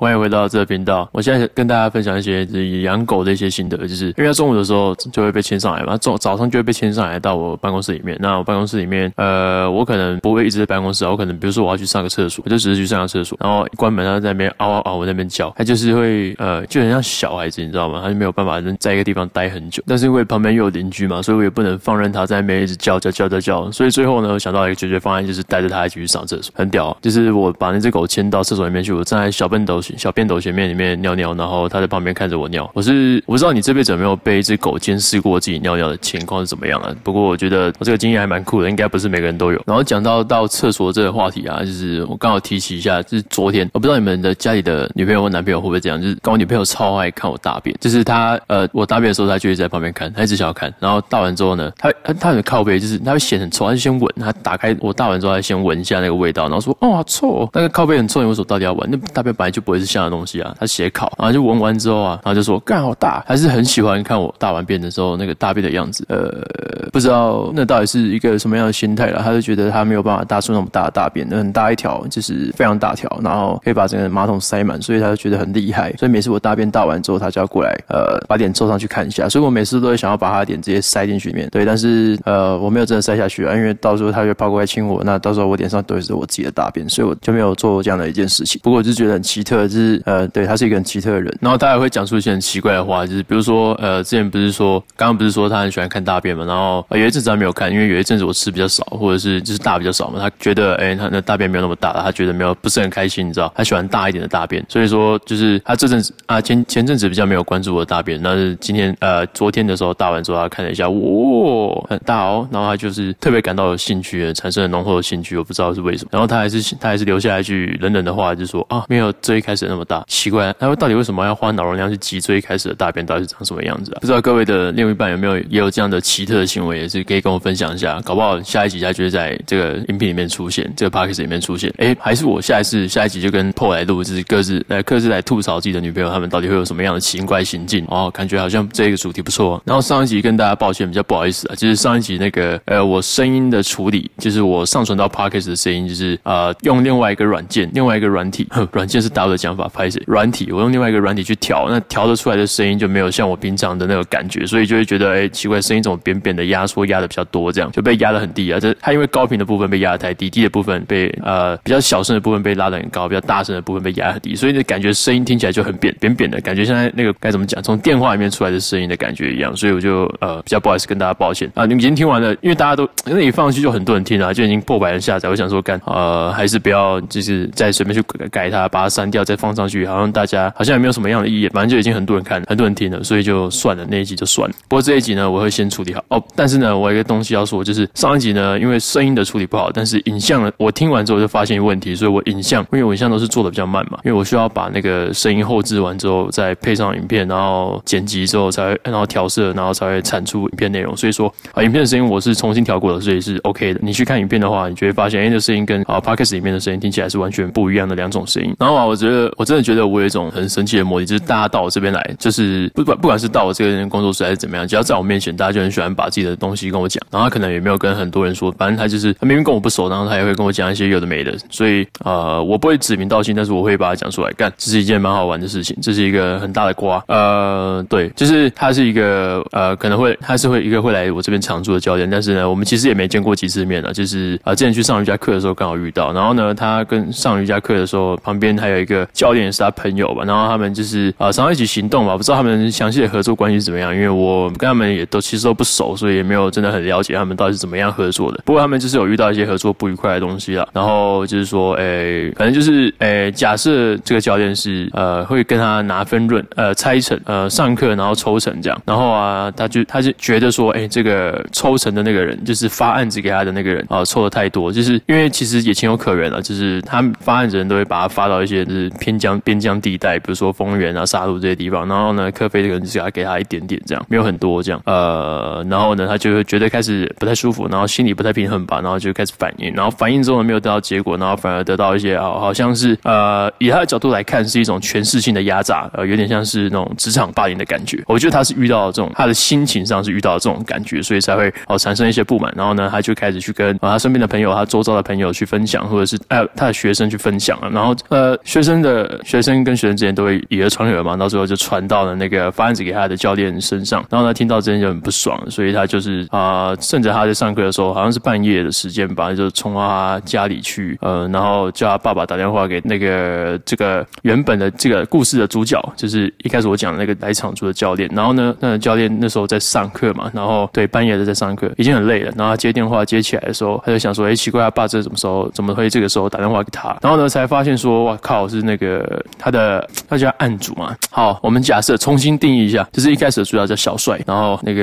歡迎回到這個頻道，我現在跟大家分享一些就是養狗的一些心得，就是因為在中午的時候就會被牽上來嘛，中早上就會被牽上來到我辦公室裡面。那我辦公室裡面，呃，我可能不會一直在辦公室啊，我可能比如說我要去上個廁所，我就只是去上個廁所，然後關門，他在那邊嗷嗷嗷、嗷，我那邊叫，它就是會呃，就很像小孩子，你知道嗎？它就沒有辦法在一個地方待很久，但是因為旁邊又有鄰居嘛，所以我也不能放任它在那邊一直叫叫叫叫叫、叫，所以最後呢，我想到一個解決方案，就是帶着它一起去上廁所，很屌，就是我把那隻狗牽到廁所裡面去，我站在小便斗。小便斗前面裡面尿尿，然後他在旁邊看着我尿。我是我不知道你這輩子有沒有被一隻狗監視過自己尿尿的情況是怎麼樣啊？不過我覺得我這個經驗還蠻酷的，應該不是每個人都有。然後講到到廁所這個話題啊，就是我剛好提起一下，就是昨天，我不知道你們的家裡的女朋友或男朋友會不會這樣，就是跟我女朋友超愛看我大便，就是她呃我大便的時候，她就會在旁邊看，她一直想要看。然後倒完之後呢，她她很靠背，就是她會嫌很臭，她先聞，她打開我大完之後，她先聞一下那個味道，然後說哦好、啊、臭哦，那個靠背很臭，你為什麼到底要聞？那大便本來就不會是像的東西啊，他寫考，然後就聞完之後啊，然後就說：“幹好大！”還是很喜歡看我大完便的時候那個大便的樣子。呃，不知道那到底是一個什麼樣的心態啦。他就覺得他沒有辦法大出那麼大的大便，那很大一條，就是非常大條，然後可以把整個馬桶塞滿，所以他就覺得很厲害。所以每次我大便大完之後，他就要過來呃，把臉湊上去看一下。所以我每次都會想要把他的臉直接塞進去裡面，對，但是呃，我沒有真的塞下去啊，因為到時候他就會跑過來親我，那到時候我臉上都是我自己的大便，所以我就沒有做這樣的一件事情。不過我就覺得很奇特。就是呃，對，他是一個很奇特的人，然後他還會講出一些很奇怪的話，就是比如說呃，之前不是說剛剛不是說他很喜歡看大便嘛，然後、呃、有一陣子他沒有看，因為有一陣子我吃比較少，或者是就是大比較少嘛，他覺得哎、欸、他那大便沒有那麼大了，他覺得沒有不是很開心，你知道？他喜歡大一點的大便，所以說就是他這陣子啊前前陣子比較沒有關注我的大便，但是今天呃昨天的時候大完之後他看了一下，哇、哦、很大哦，然後他就是特別感到有興趣，產生了濃厚的興趣，我不知道是為什麼。然後他還是他還是留下一句冷冷的話，就說啊沒有這一開。是那麼大，奇怪，他說到底為什麼要花腦容量去擠最開始的大便，到底是長什麼樣子啊？不知道各位的另一半有沒有也有這樣的奇特的行為，也是可以跟我分享一下。搞不好下一集他就會在這個音頻裡面出現，這個 Podcast 裡面出現。哎、欸，還是我下一次下一集就跟破來錄就是各自來各自來吐槽自己的女朋友，他們到底會有什麼樣的奇怪行徑哦，感覺好像這個主題不錯、啊。然後上一集跟大家抱歉，比較不好意思啊，就是上一集那個呃，我聲音的處理，就是我上傳到 Podcast 的聲音，就是啊、呃、用另外一個軟件，另外一個軟體，軟件是 W 加。想法拍攝，軟體，我用另外一個軟體去調，那調得出來的聲音就沒有像我平常的那個感覺，所以就會覺得哎、欸、奇怪，聲音怎麼扁扁的，壓縮壓得比較多，這樣就被壓得很低啊。這它因為高頻的部分被壓得太低，低的部分被呃比較小聲的部分被拉得很高，比較大聲的部分被壓得很低，所以你的感覺聲音聽起來就很扁扁扁的感覺，現在那個該怎麼講，從電話裡面出來的聲音的感覺一樣。所以我就呃比較不好意思跟大家抱歉啊，你們已經聽完了，因為大家都那一放去就很多人聽了、啊，就已經破百人下載，我想說乾呃還是不要，就是再隨便去改它，把它刪掉。再放上去，好像大家好像也沒有什麼樣的意義，反正就已經很多人看了，很多人聽了，所以就算了，那一集就算了。不過這一集呢，我會先處理好哦。但是呢，我有一個東西要說，就是上一集呢，因為聲音的處理不好，但是影像呢，我聽完之後就發現一個問題，所以我影像，因為我影像都是做的比較慢嘛，因為我需要把那個聲音後製完之後再配上影片，然後剪輯之後才會，然後調色，然後才會產出影片內容。所以說啊，影片的聲音我是重新調過的，所以是 OK 的。你去看影片的話，你就會發現，哎、欸，這聲音跟啊 Podcast 裡面的聲音聽起來是完全不一樣的兩種聲音。然後啊，我覺得。我真的覺得我有一種很神奇的魔力，就是大家到我這邊來，就是不管不管是到我這個工作室還是怎麼樣，只要在我面前，大家就很喜歡把自己的東西跟我講。然後他可能也沒有跟很多人說，反正他就是他明明跟我不熟，然後他也會跟我講一些有的沒的。所以啊、呃，我不會指名道姓，但是我會把他講出來干，這是一件蠻好玩的事情，這是一個很大的瓜。呃，對，就是他是一個呃，可能會他是會一個會來我這邊常駐的教練，但是呢，我們其實也沒見過幾次面了。就是啊、呃，之前去上瑜伽課的時候剛好遇到，然後呢，他跟上瑜伽課的時候旁邊還有一個。教練也是他朋友吧，然後他們就是啊、呃、常常一起行動吧，不知道他們詳細的合作關係是怎麼樣，因為我跟他們也都其實都不熟，所以也沒有真的很了解他們到底是怎麼樣合作的。不過他們就是有遇到一些合作不愉快的東西了，然後就是說，誒，反正就是誒，假設這個教練是呃會跟他拿分潤，呃拆成呃上課然後抽成這樣，然後啊他就他就覺得說，誒這個抽成的那個人就是發案子給他的那個人啊、呃、抽的太多，就是因為其實也情有可原了、啊，就是他發案子人都會把他發到一些就是。邊疆邊疆地帶，比如說豐原啊、沙鹿這些地方，然後呢，科菲這個人只給他一點點這樣，沒有很多這樣，呃，然後呢，他就會覺得開始不太舒服，然後心裡不太平衡吧，然後就開始反應，然後反應之後呢，沒有得到結果，然後反而得到一些啊，好像是呃，以他的角度來看是一種權勢性的壓榨，呃，有點像是那種職場霸凌的感覺。我覺得他是遇到了這種，他的心情上是遇到了這種感覺，所以才會哦、呃、產生一些不滿，然後呢，他就開始去跟啊、呃、他身邊的朋友、他周遭的朋友去分享，或者是哎、呃、他的學生去分享，然後呃，學生的。學生跟學生之間都會以訛傳訛嘛，到時候就傳到了那個發案子給他的教練身上，然後呢，聽到之後就很不爽，所以他就是啊，趁、呃、着他在上課的時候，好像是半夜的時間吧，就衝到他家裡去，呃，然後叫他爸爸打電話給那個這個原本的這個故事的主角，就是一開始我講的那個來場租的教練。然後呢，那個、教練那時候在上課嘛，然後對半夜的在上課已經很累了，然後他接電話接起來的時候，他就想說，哎、欸，奇怪，他爸這什麼時候怎麼會這個時候打電話給他？然後呢，才發現說，哇靠，是那個。這、那個他的他叫案主嘛？好，我們假設重新定義一下，就是一開始的主要叫小帥，然後那個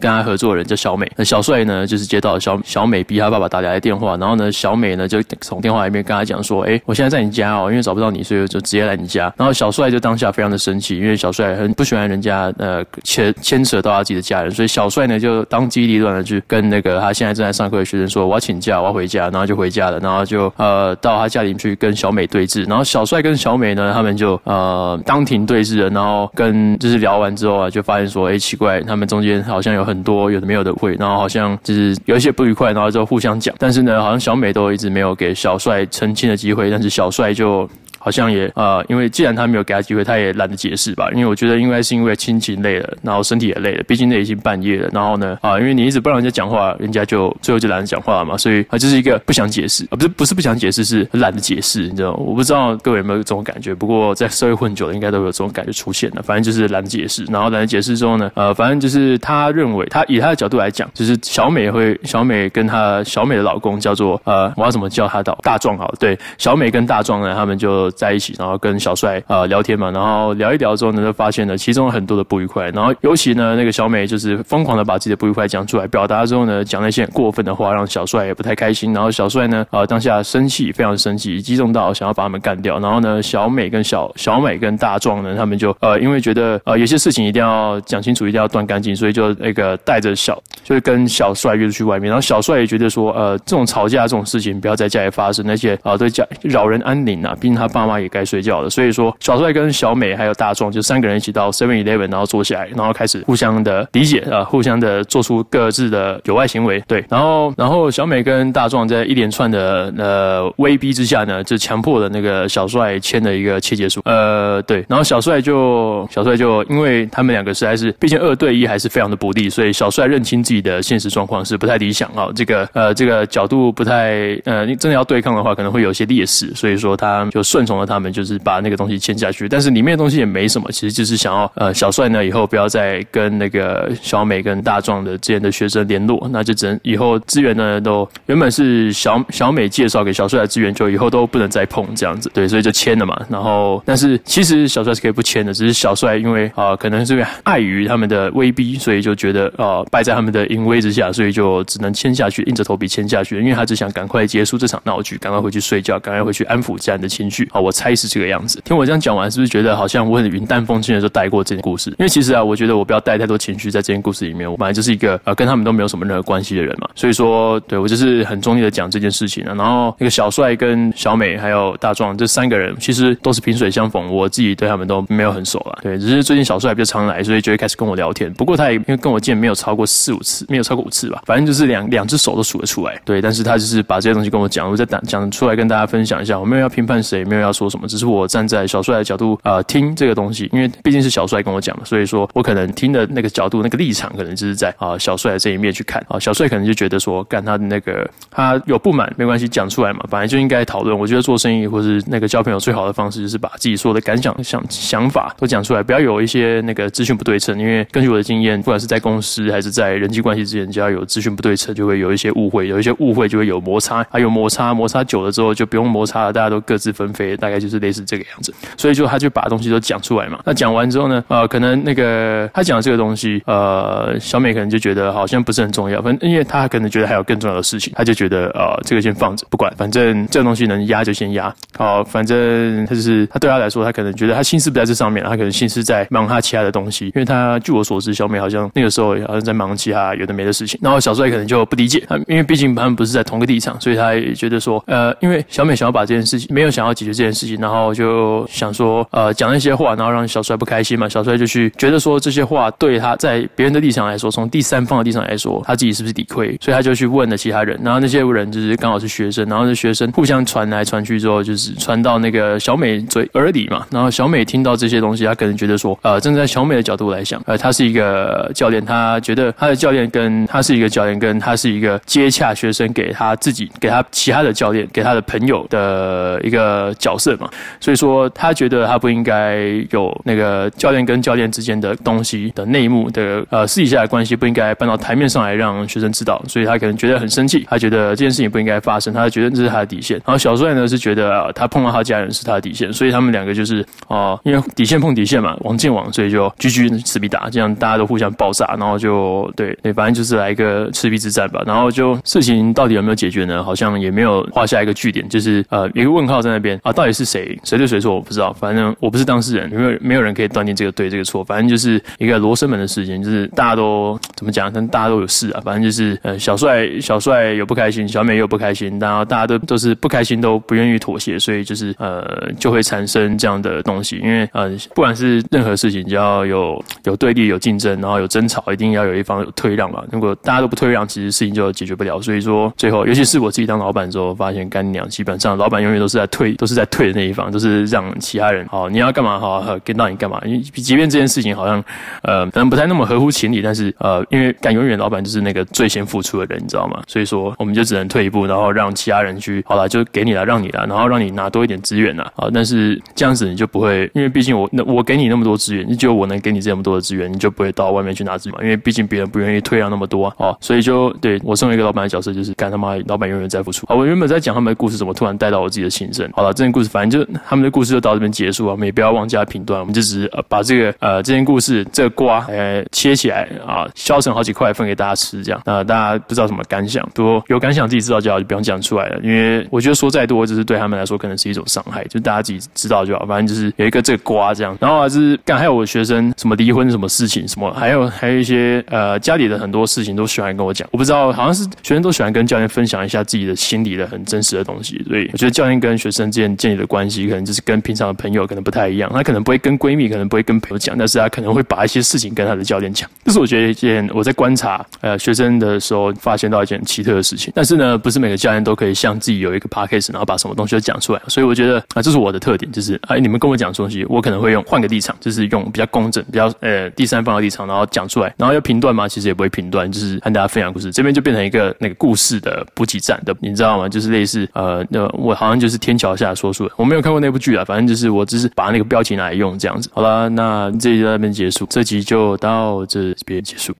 跟他合作的人叫小美。那小帥呢，就是接到小小美逼他爸爸打來的電話，然後呢，小美呢就從電話裡面跟他講說：“哎，我現在在你家哦、喔，因為找不到你，所以就直接來你家。”然後小帥就當下非常的生氣，因為小帥很不喜歡人家呃牽牽扯到他自己的家人，所以小帥呢就當機立斷的去跟那個他現在正在上課的學生說：“我要請假，我要回家。”然後就回家了，然後就呃到他家裡去跟小美對峙，然後小帥。他跟小美呢，他們就呃當庭對峙了，然後跟就是聊完之後啊，就發現說，哎、欸，奇怪，他們中間好像有很多有的沒有的誤會，然後好像就是有一些不愉快，然後就互相講，但是呢，好像小美都一直沒有給小帥澄清的機會，但是小帥就。好像也啊、呃，因為既然他沒有給他機會，他也懶得解釋吧。因為我覺得應該是因為親情累了，然後身體也累了，畢竟那已經半夜了。然後呢，啊、呃，因為你一直不讓人家講話，人家就最後就懶得講話了嘛。所以啊，就是一個不想解釋，啊、不是不是不想解釋，是懶得解釋，你知道嗎？我不知道各位有沒有這種感覺，不過在社會混久了，應該都有這種感覺出現了，反正就是懶得解釋，然後懶得解釋之後呢，呃，反正就是他認為他以他的角度來講，就是小美會小美跟她小美的老公叫做呃，我要怎麼叫他到大壯好，對，小美跟大壯呢，他們就在一起，然後跟小帥啊、呃、聊天嘛，然後聊一聊之後呢，就發現了其中很多的不愉快，然後尤其呢，那個小美就是瘋狂的把自己的不愉快講出來，表達之後呢，講那些很過分的話，讓小帥也不太開心。然後小帥呢，啊、呃、當下生氣，非常生氣，激動到想要把他們幹掉。然後呢，小美跟小小美跟大壯呢，他們就呃因為覺得呃有些事情一定要講清楚，一定要斷乾淨，所以就那個帶着小，就是跟小帥約出去外面。然後小帥也覺得說，呃這種吵架這種事情不要在家裡發生，而且啊對家擾人安寧啊，畢竟他爸。媽媽也該睡覺了，所以說小帥跟小美還有大壯就三個人一起到 Seven Eleven，然後坐下來，然後開始互相的理解啊、呃，互相的做出各自的有愛行為。對，然後然後小美跟大壯在一連串的呃威逼之下呢，就強迫了那個小帥簽了一個切結書。呃，對，然後小帥就小帥就因為他們兩個實在是，畢竟二對一還是非常的不利，所以小帥認清自己的現實狀況是不太理想啊、哦。這個呃這個角度不太呃，你真的要對抗的話，可能會有些劣勢，所以說他就順。送了，他們就是把那個東西簽下去，但是裡面的東西也沒什麼，其實就是想要呃小帥呢以後不要再跟那個小美跟大壯的之前的學生聯絡，那就只能以後資源呢都原本是小小美介紹給小帥的資源，就以後都不能再碰這樣子，對，所以就簽了嘛。然後，但是其實小帥是可以不簽的，只是小帥因為啊、呃、可能是礙於他們的威逼，所以就覺得啊、呃、敗在他們的淫威之下，所以就只能簽下去，硬着頭皮簽下去，因為他只想趕快結束這場鬧劇，趕快回去睡覺，趕快回去安撫家人的情緒。我猜是這個樣子。聽我這樣講完，是不是覺得好像我很雲淡風輕的就帶過這件故事？因為其實啊，我覺得我不要帶太多情緒在這件故事裡面。我本來就是一個呃跟他們都沒有什麼任何關係的人嘛，所以說對我就是很中意的講這件事情啊。然後那個小帥跟小美還有大壯這三個人，其實都是萍水相逢，我自己對他們都沒有很熟啦。對，只是最近小帥比較常來，所以就會開始跟我聊天。不過他也因為跟我見沒有超過四五次，沒有超過五次吧，反正就是兩兩只手都數得出來。對，但是他就是把這些東西跟我講，我再講出來跟大家分享一下。我沒有要評判誰，沒有要。他說什麼？只是我站在小帥的角度啊、呃，聽這個東西，因為畢竟是小帥跟我講的，所以說我可能聽的那個角度、那個立場，可能就是在啊、呃、小帥的這一面去看啊、呃。小帥可能就覺得說，干他的那個，他有不滿沒關係，講出來嘛。本來就應該討論。我覺得做生意或是那個交朋友，最好的方式就是把自己所有的感想、想想法都講出來，不要有一些那個資訊不對稱。因為根據我的經驗，不管是在公司還是在人際關係之間，只要有資訊不對稱，就會有一些誤會，有一些誤會就會有摩擦，還、啊、有摩擦，摩擦久了之後就不用摩擦了，大家都各自分飛了。大概就是類似這個樣子，所以就他就把東西都講出來嘛。那講完之後呢，呃，可能那個他講的這個東西，呃，小美可能就覺得好像不是很重要，反正因為她可能覺得還有更重要的事情，她就覺得呃，這個先放着不管，反正這個東西能壓就先壓。好，反正他就是他對他來說，他可能覺得他心思不在這上面，他可能心思在忙他其他的東西。因為他據我所知，小美好像那個時候好像在忙其他有的沒的事情。然後小帥可能就不理解他，因為畢竟他們不是在同個立場，所以他也覺得說，呃，因為小美想要把這件事情沒有想要解決這件。事情，然後就想說，呃，講那些話，然後讓小帥不開心嘛。小帥就去覺得說，這些話對他在別人的立場來說，從第三方的立場來說，他自己是不是理虧？所以他就去問了其他人。然後那些人就是剛好是學生，然後是學生互相傳來傳去之後，就是傳到那個小美嘴耳裡嘛。然後小美聽到這些東西，她可能覺得說，呃，站在小美的角度來想，呃，他是一個教練，他覺得他的教練跟他是一個教練，跟他是一個接洽學生，給他自己，給他其他的教練，給他的朋友的一個角。是嘛，所以說他覺得他不應該有那個教練跟教練之間的東西的內幕的，呃，私底下的關係不應該搬到台面上來讓學生知道，所以他可能覺得很生氣，他覺得這件事情不應該發生，他覺得這是他的底線。然後小帥呢是覺得、呃、他碰到他家人是他的底線，所以他們兩個就是哦、呃、因為底線碰底線嘛，王見王，所以就 G G 赤壁打，這樣大家都互相爆炸，然後就對對，反正就是來一個赤壁之戰吧。然後就事情到底有沒有解決呢？好像也沒有畫下一個句點，就是呃一個問號在那邊啊。到底是誰誰對誰錯？我不知道，反正我不是當事人，沒有沒有人可以斷定這個對這個錯。反正就是一個羅生門的事情，就是大家都。怎麼講？反正大家都有事啊。反正就是呃，小帥小帥有不開心，小美也有不開心。然後大家都都是不開心，都不願意妥協，所以就是呃，就會產生這樣的東西。因為呃，不管是任何事情，只要有有對立、有競爭，然後有爭吵，一定要有一方有退讓嘛。如果大家都不退讓，其實事情就解決不了。所以說，最後尤其是我自己當老闆之後，發現幹娘基本上老闆永遠都是在退，都是在退的那一方，都、就是讓其他人。好，你要幹嘛，好，跟到你幹嘛？因為即便這件事情好像呃，可能不太那麼合乎情理，但是呃。因為幹永遠老板就是那個最先付出的人，你知道嗎？所以說我們就只能退一步，然後讓其他人去好了，就給你了，讓你了，然後讓你拿多一點資源了啊！但是這樣子你就不會，因為畢竟我那我給你那麼多資源，你就我能給你這麼多的資源，你就不會到外面去拿資源，因為畢竟別人不願意退讓那麼多啊！哦，所以就對我身為一個老板的角色，就是幹他媽老板永遠在付出。好，我原本在講他們的故事，怎麼突然帶到我自己的心聲？好了，這件故事反正就他們的故事就到這邊結束啊！我們也不要妄加評斷，我們就只是、呃、把這個呃這件故事這個瓜呃切起來啊消。分成好幾塊分給大家吃，這樣，那、呃、大家不知道什麼感想，多，有感想自己知道就好，就不用講出來了。因為我覺得說再多，只、就是對他們來說可能是一種傷害，就大家自己知道就好。反正就是有一個這個瓜這樣。然後還、就是剛還有我學生什麼離婚什麼事情什麼，還有還有一些呃家裡的很多事情都喜歡跟我講。我不知道，好像是學生都喜歡跟教練分享一下自己的心裡的很真實的東西。所以我覺得教練跟學生之間建立的關係，可能就是跟平常的朋友可能不太一樣。他可能不會跟閨蜜，可能不會跟朋友講，但是他可能會把一些事情跟他的教練講。這是我覺得一件。我在觀察呃學生的時候，發現到一件奇特的事情。但是呢，不是每個教練都可以像自己有一個 podcast 然後把什麼東西都講出來。所以我覺得啊、呃，這是我的特點，就是哎，你們跟我講的東西，我可能會用換個立場，就是用比較公正、比較呃、哎、第三方的立場，然後講出來。然後要評斷嘛？其實也不會評斷，就是和大家分享故事。這邊就變成一個那個故事的補給站，對，你知道嗎？就是類似呃，那我好像就是天橋下說書的，我沒有看過那部劇啊，反正就是我只是把那個標題拿來用這樣子。好了，那這一集到這邊結束，這集就到這邊結束。